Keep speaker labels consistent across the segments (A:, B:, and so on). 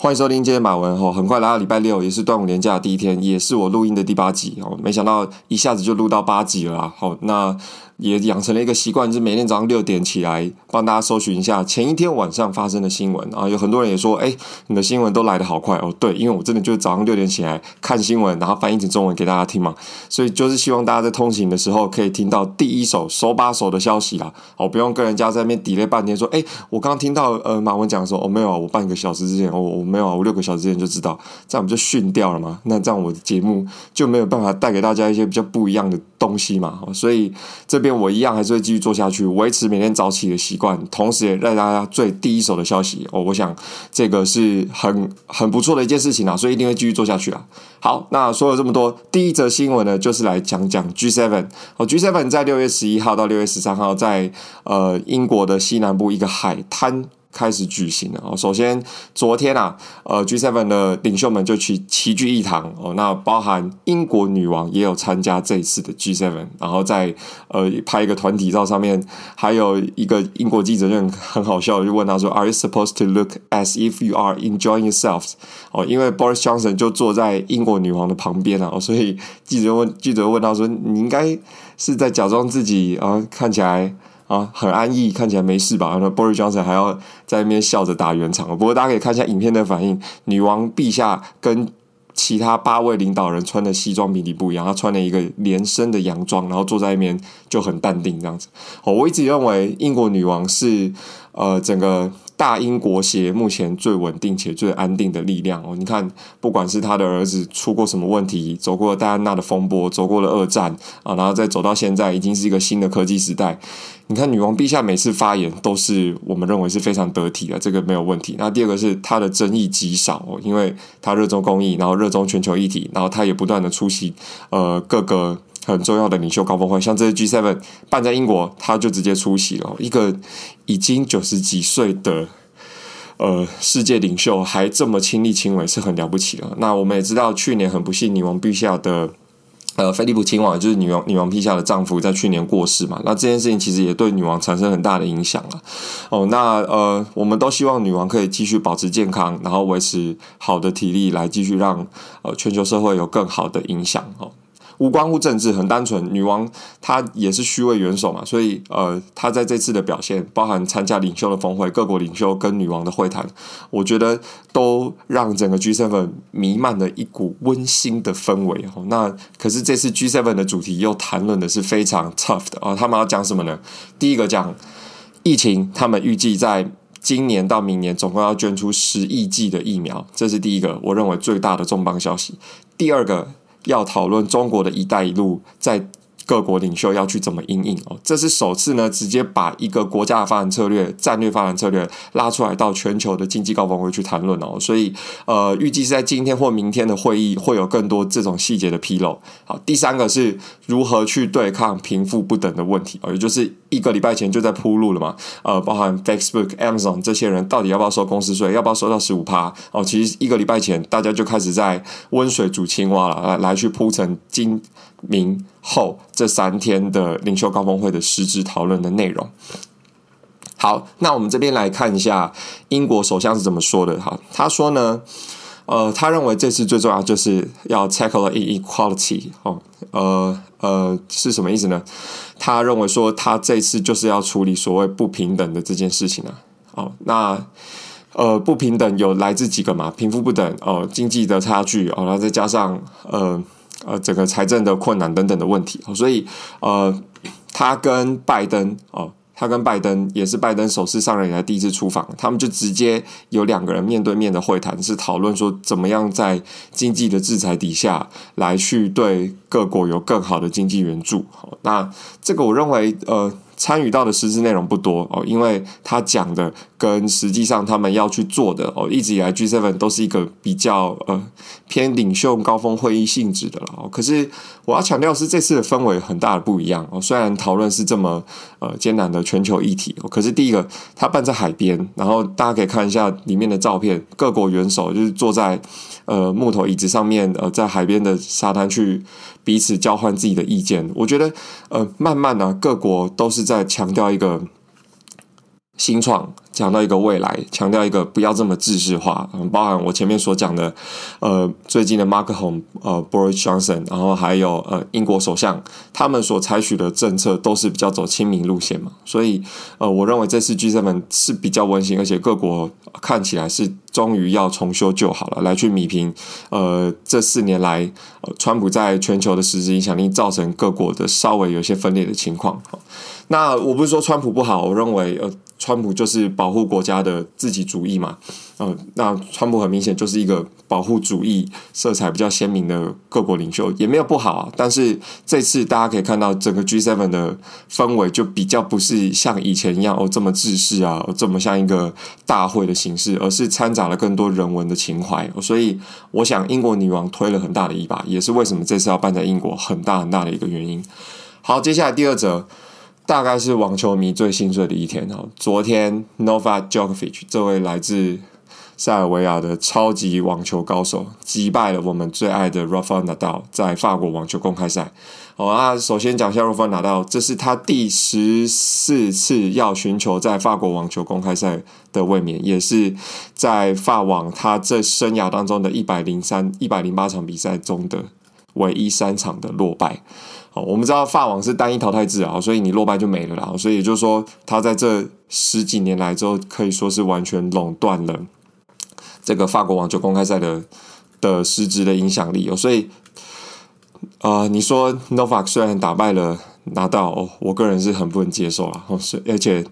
A: 歡迎收聽今天馬文哈，很快來到禮拜六，也是端午年假的第一天，也是我錄音的第八集哦。沒想到一下子就錄到八集了，好，那也養成了一個習慣，就是每天早上六點起來幫大家搜尋一下前一天晚上發生的新聞啊。有很多人也說，哎、欸，你的新聞都來的好快哦。對，因為我真的就是早上六點起來看新聞，然後翻譯成中文給大家聽嘛，所以就是希望大家在通行的時候可以聽到第一手手把手的消息啦。哦，不用跟人家在那邊抵 y 半天，說，哎、欸，我剛，剛聽到呃馬文講說，哦沒有、啊，我半個小時之前、哦、我。沒有啊，五六個小時之前就知道，這樣不就遜掉了嘛。那這樣我的節目就沒有辦法帶給大家一些比較不一樣的東西嘛。所以這邊我一樣還是會繼續做下去，維持每天早起的習慣，同時也帶大家最第一手的消息。哦，我想這個是很很不錯的一件事情啊，所以一定會繼續做下去啊。好，那說了這麼多，第一則新聞呢，就是來講講 G7。哦，G7 在六月十一號到六月十三號在呃英國的西南部一個海灘開始舉行了，首先昨天啊，呃，G7 的領袖們就去齊聚一堂哦。那包含英國女王也有參加這一次的 G7，然後在呃拍一個團體照上面，還有一個英國記者就很好笑，就問他說：“Are you supposed to look as if you are enjoying yourself?” 哦，因為 Boris Johnson 就坐在英國女王的旁邊啊，所以記者問記者問他說：“你應該是在假裝自己啊，呃，看起來？”啊，很安逸，看起來沒事吧？然後 Boris Johnson 還要在那邊笑着打圓場。不過大家可以看一下影片的反應，女王陛下跟其他八位領導人穿的西裝比例不一樣，她穿了一個連身的洋裝，然後坐在那邊就很淡定這樣子。哦，我一直認為英國女王是呃整個。大英國協目前最穩定且最安定的力量哦，你看，不管是他的兒子出過什麼問題，走過了戴安娜的風波，走過了二戰啊，然後再走到現在，已經是一個新的科技時代。你看，女王陛下每次發言都是我們認為是非常得體的，這個沒有問題。那第二個是他的爭議極少，因為他熱衷公益，然後熱衷全球議題，然後他也不斷的出席，呃，各個。很重要的領袖高峰會，像這些 G7 辦在英國，他就直接出席了。一個已經九十幾歲的呃世界領袖，還這麼親力親為，是很了不起的。那我們也知道，去年很不幸，女王陛下的呃菲利普親王，就是女王女王陛下的丈夫，在去年過世嘛。那這件事情其實也對女王產生很大的影響了。哦、呃，那呃，我們都希望女王可以繼續保持健康，然後維持好的體力，來繼續讓呃全球社會有更好的影響哦。呃無關乎政治，很單純。女王她也是虛位元首嘛，所以呃，她在這次的表現，包含參加領袖的峰會，各國領袖跟女王的會談，我覺得都讓整個 G Seven 彌漫了一股溫馨的氛圍。哦，那，可是這次 G Seven 的主題又談論的是非常 tough 的啊，哦，他們要講什麼呢？第一個講疫情，他們預計在今年到明年總共要捐出十億劑的疫苗，這是第一個，我認為最大的重磅消息。第二個。要討論中國的一帶一路，在各國領袖要去怎麼因應應哦？這是首次呢，直接把一個國家的發展策略、戰略發展策略拉出來到全球的經濟高峰會去談論哦。所以，呃，預計是在今天或明天的會議會有更多這種細節的披露。好，第三個是如何去對抗貧富不等的問題，哦，也就是一個禮拜前就在鋪路了嘛。呃，包含 Facebook、Amazon 這些人到底要不要收公司稅？要不要收到十五趴？哦，其實一個禮拜前大家就開始在溫水煮青蛙了，來來去鋪陳今明，後這三天的領袖高峰會的實質討論的內容。好，那我們這邊來看一下英國首相是怎麼說的哈。他說呢，呃，他認為這次最重要就是要 tackle inequality 哦，呃呃，是什麼意思呢？他認為說他這次就是要處理所謂不平等的這件事情啊。哦，那呃，不平等有來自幾個嘛？貧富不等哦，呃，經濟的差距哦，然後再加上呃。呃，整個財政的困難等等的問題，哦、所以呃，他跟拜登哦、呃，他跟拜登也是拜登首次上任以來第一次出訪，他們就直接有兩個人面對面的會談，是討論說怎麼樣在經濟的制裁底下來去對各國有更好的經濟援助。哦、那這個我認為呃，參與到的實質內容不多哦，因為他講的。跟實際上他們要去做的哦，一直以來 G7 都是一個比較呃偏領袖高峰會議性質的了哦。可是我要強調的是這次的氛圍很大的不一樣哦。雖然討論是這麼呃艱難的全球議題哦，可是第一個它辦在海邊，然後大家可以看一下裡面的照片，各國元首就是坐在呃木頭椅子上面呃在海邊的沙灘去彼此交換自己的意見。我覺得呃慢慢的，啊，各國都是在強調一個。新創講到一個未來，強調一個不要這麼制式化。嗯，包含我前面所講的，呃，最近的馬克宏，呃，Boris Johnson，然後還有呃，英國首相，他們所採取的政策都是比較走親民路線嘛。所以，呃，我認為這次 G7 是比較溫馨，而且各國看起來是終於要重修舊好了，來去彌平。呃，這四年來，呃，川普在全球的實質影響力造成各國的稍微有些分裂的情況。那我不是說川普不好，我認為呃。川普就是保護國家的自己主義嘛，呃，那川普很明顯就是一個保護主義色彩比較鮮明的各國領袖，也沒有不好啊。但是這次大家可以看到，整個 G7 的氛圍就比較不是像以前一樣哦，這麼自私啊、哦，這麼像一個大會的形式，而是摻雜了更多人文的情懷、哦。所以，我想英國女王推了很大的一把，也是為什麼這次要辦在英國很大很大的一個原因。好，接下來第二則。大概是網球迷最心碎的一天，昨天 Novak Djokovic 這位來自塞爾維亞的超級網球高手擊敗了我們最愛的 Rafa Nadal，在法國網球公開賽。好、哦、啊，首先講一下 Rafa Nadal，這是他第十四次要尋求在法國網球公開賽的衛冕，也是在法網他這生涯當中的一百零三、一百零八場比賽中的唯一三場的落敗。哦、我們知道法網是單一淘汰制啊，所以你落敗就沒了啦。所以也就是說，他在這十幾年來之後，可以說是完全壟斷了這個法國網球公開賽的的實質的影響力哦。所以，呃，你說 Novak 雖然打敗了 Nadal，哦，我個人是很不能接受了哦，是而且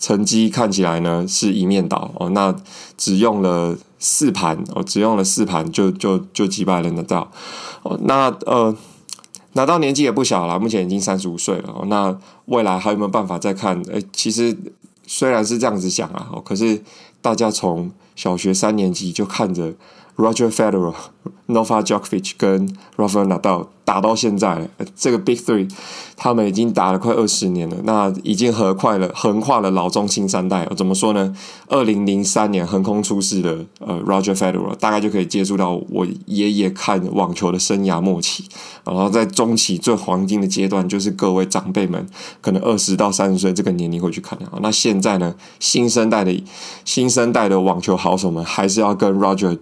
A: 成績看起來呢是一面倒哦，那只用了四盤哦，只用了四盤就就就擊敗了 Nadal 哦，那呃。Nadal 年紀也不小了，目前已經三十五歲了。那未來還有沒有辦法再看？哎、欸，其實雖然是這樣子想啊，可是大家從小學三年級就看着。Roger Federer、Novak Djokovic 跟 Rafa Nadal 打到現在了，這個 Big Three 他們已經打了快二十年了。那已經橫快了，橫跨了老中青三代。怎麼說呢？二零零三年橫空出世的呃 Roger Federer，大概就可以接觸到我爺爺看網球的生涯末期，然後在中期最黃金的階段，就是各位長輩們可能二十到三十歲這個年齡會去看啊。那現在呢，新生代的新生代的網球好手們，還是要跟 Roger。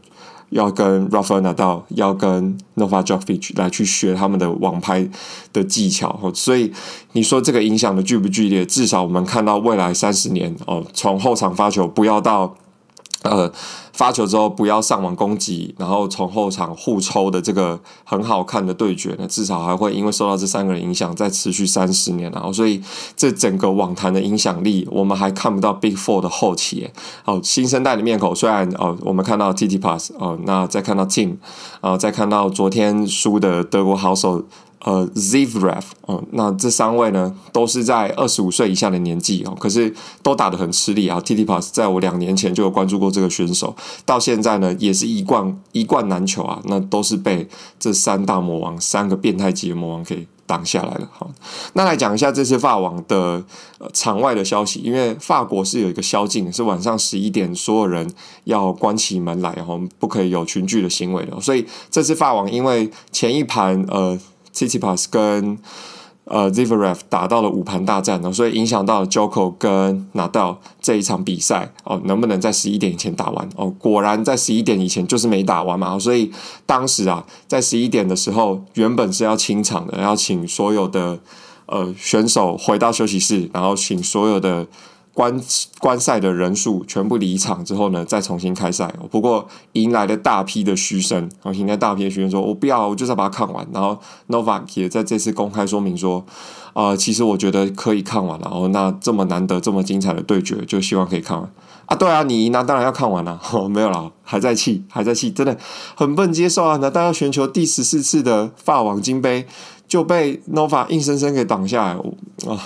A: 要跟 Rafael Nadal，要跟 Novak Djokovic 來去學他們的網拍的技巧，所以你說這個影響的劇不劇烈？至少我們看到未來三十年哦，從後場發球不要到，呃。發球之後不要上網攻擊，然後從後場互抽的這個很好看的對決呢，至少還會因為受到這三個人影響再持續三十年，然後、哦、所以這整個網壇的影響力我們還看不到 Big Four 的後期，哦新生代的面孔雖然哦我們看到 T T Pass 哦，那再看到 Team，啊、哦、再看到昨天輸的德國好手。呃，Zverev，哦、呃，那這三位呢，都是在二十五歲以下的年紀哦，可是都打得很吃力啊。Tsitsipas，在我兩年前就有關注過這個選手，到現在呢，也是一冠一冠難求啊。那都是被這三大魔王，三個變態級的魔王給擋下來了。好、哦，那來講一下這次法網的、呃、場外的消息，因為法國是有一個宵禁，是晚上十一點，所有人要關起門來，哈、哦，不可以有群聚的行為的。所以這次法網因為前一盤，呃。Tsitsipas 跟、呃、Zverev 打到了五盤大戰、哦、所以影響到了 Djokovic 跟 Nadal 這一場比賽哦，能不能在十一點以前打完哦？果然在十一點以前就是沒打完嘛，所以當時啊，在十一點的時候，原本是要清場的，要請所有的呃選手回到休息室，然後請所有的。觀觀賽的人數全部離場之後呢，再重新開賽。不過迎來的大批的噓聲，然、啊、後迎來大批的噓聲，說我不要、啊，我就是要把它看完。然後 Nova 也在這次公開說明說，啊、呃，其實我覺得可以看完、啊。然、哦、後那這麼難得、這麼精彩的對決，就希望可以看完啊。對啊，你那當然要看完了、啊，沒有了，還在氣，還在氣，真的很不能接受啊！那大家全球第十四次的法網金杯就被 Nova 硬生生給擋下來啊。呃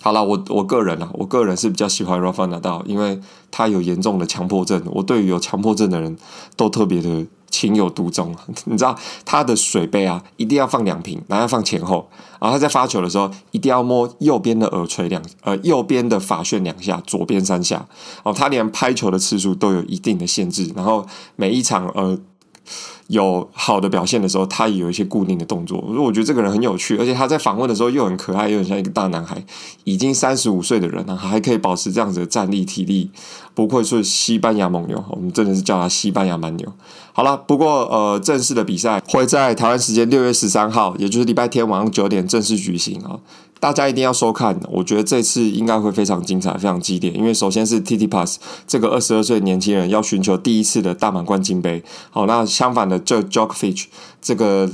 A: 好了，我我個人啊，我個人是比較喜歡 Rafael Nadal，因為他有嚴重的強迫症。我對於有強迫症的人都特別的情有獨鍾， 你知道他的水杯啊，一定要放兩瓶，然後要放前後。然後他在發球的時候，一定要摸右邊的耳垂兩呃右邊的髮旋兩下，左邊三下。哦，他連拍球的次數都有一定的限制。然後每一場呃。有好的表現的時候，他也有一些固定的動作。如果我覺得這個人很有趣，而且他在訪問的時候又很可愛，又很像一個大男孩。已經三十五歲的人了啊，還可以保持這樣子的戰力、體力，不愧是西班牙猛牛。我們真的是叫他西班牙蠻牛。好了，不過呃，正式的比賽會在台灣時間六月十三號，也就是禮拜天晚上九點正式舉行啊、哦！大家一定要收看。我覺得這次應該會非常精彩、非常激烈，因為首先是 Tsitsipas 這個二十二歲年輕人要尋求第一次的大滿貫金杯，好、哦，那相反的就 Djokovic 這個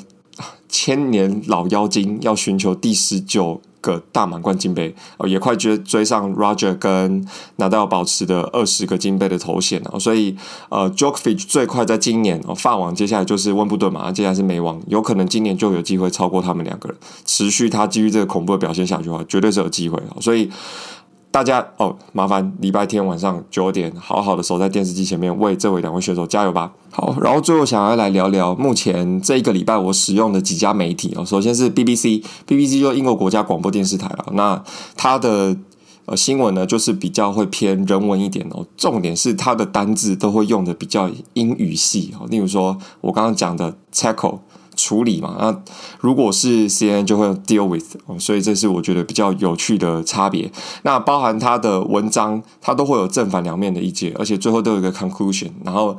A: 千年老妖精要尋求第十九。個大滿貫金杯哦，也快追追上 Roger 跟 Nadal 保持的二十個金杯的頭銜了，所以呃 Djokovic 最快在今年哦，法網接下來就是溫布頓，馬上接下來是美網，有可能今年就有機會超過他們兩個人，持續他基於這個恐怖的表現下去的話，絕對是有機會哦，所以。大家哦，麻煩禮拜天晚上九點，好好的守在電視機前面為這位兩位選手加油吧。好，然後最後想要來聊聊目前這一個禮拜我使用的幾家媒體哦。首先是 BBC，BBC 就是英國國家廣播電視台了。那它的、呃、新聞呢，就是比較會偏人文一點哦。重點是它的單字都會用的比較英語系哦。例如說，我剛剛講的 check 處理嘛，那如果是 CNN 就會 deal with，所以這是我覺得比較有趣的差別。那包含它的文章，它都會有正反兩面的意見，而且最後都有一個 conclusion。然後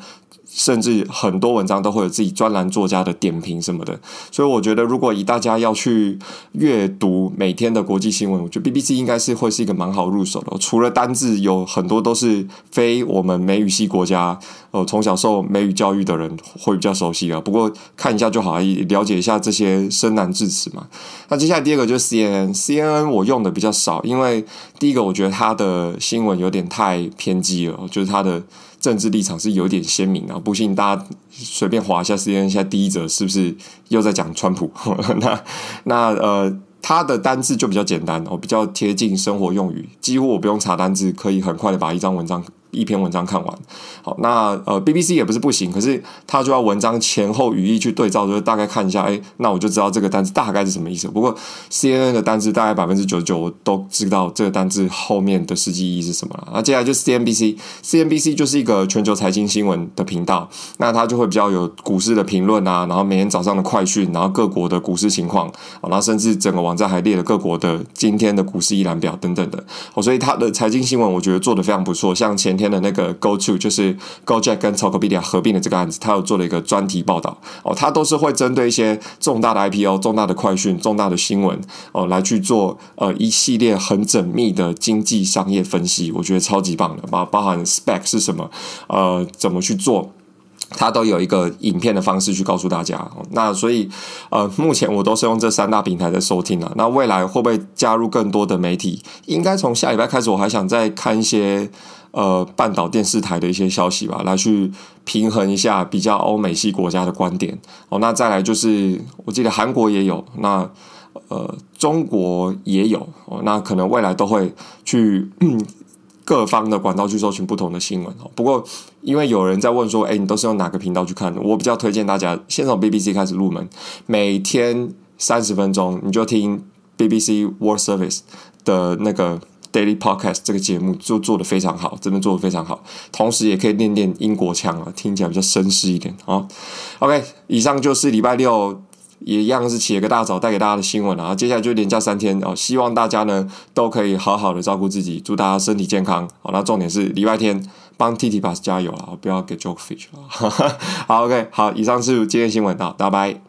A: 甚至很多文章都會有自己專欄作家的點評什麼的。所以我覺得，如果以大家要去閱讀每天的國際新聞，我覺得 BBC 應該是會是一個蠻好入手的。除了單字，有很多都是非我們美語系國家。哦、呃，從小受美語教育的人會比較熟悉啊。不過看一下就好了，了解一下這些深難字詞嘛。那接下來第二個就是 CNN，CNN 我用的比較少，因為第一個我覺得它的新聞有點太偏激了，就是它的政治立場是有點鮮明的、啊。不信大家隨便滑一下 CNN，現在第一則是不是又在講川普？ 那那呃，它的單字就比較簡單，我、哦、比較貼近生活用語，幾乎我不用查單字，可以很快的把一張文章。一篇文章看完，好，那呃，BBC 也不是不行，可是它就要文章前後語義去對照，就是大概看一下，哎、欸，那我就知道這個單詞大概是什麼意思。不過 CNN 的單字大概百分之九十九，我都知道這個單字後面的實際意義是什麼了。那、啊、接下來就是 CNBC，CNBC CN 就是一個全球財經新聞的頻道，那它就會比較有股市的評論啊，然後每天早上的快訊，然後各國的股市情況，然後甚至整個網站還列了各國的今天的股市一覽表等等的。哦，所以它的財經新聞我覺得做得非常不錯，像前天。的那個 Go To 就是 Gojek 跟 Tokopedia 合併的這個案子，他有做了一個專題報道哦，他都是會針對一些重大的 IPO、重大的快訊、重大的新聞哦，來去做呃一系列很縝密的經濟商業分析，我覺得超級棒的，包包含 Spec 是什麼，呃，怎麼去做。它都有一個影片的方式去告訴大家，那所以呃，目前我都是用這三大平台在收聽啊。那未來會不會加入更多的媒體？應該從下禮拜開始，我還想再看一些呃，半島電視台的一些消息吧，來去平衡一下比較歐美系國家的觀點。哦，那再來就是，我記得韓國也有，那呃，中國也有，哦，那可能未來都會去。各方的管道去搜尋不同的新聞哦。不過，因為有人在問說，誒、欸、你都是用哪個頻道去看的？我比較推薦大家先從 BBC 開始入門，每天三十分鐘，你就聽 BBC World Service 的那個 Daily Podcast 這個節目，就做得非常好，真的做得非常好。同時也可以練練英國腔啊，聽起來比較紳士一點啊。OK，以上就是禮拜六。也一樣是起了個大早帶給大家的新聞啊，然後接下來就連假三天哦，希望大家呢都可以好好的照顧自己，祝大家身體健康哦。那重點是禮拜天幫 T T boss 加油了，不要給 Joke fish 哈。 好 OK，好，以上是今天新聞，好，拜拜。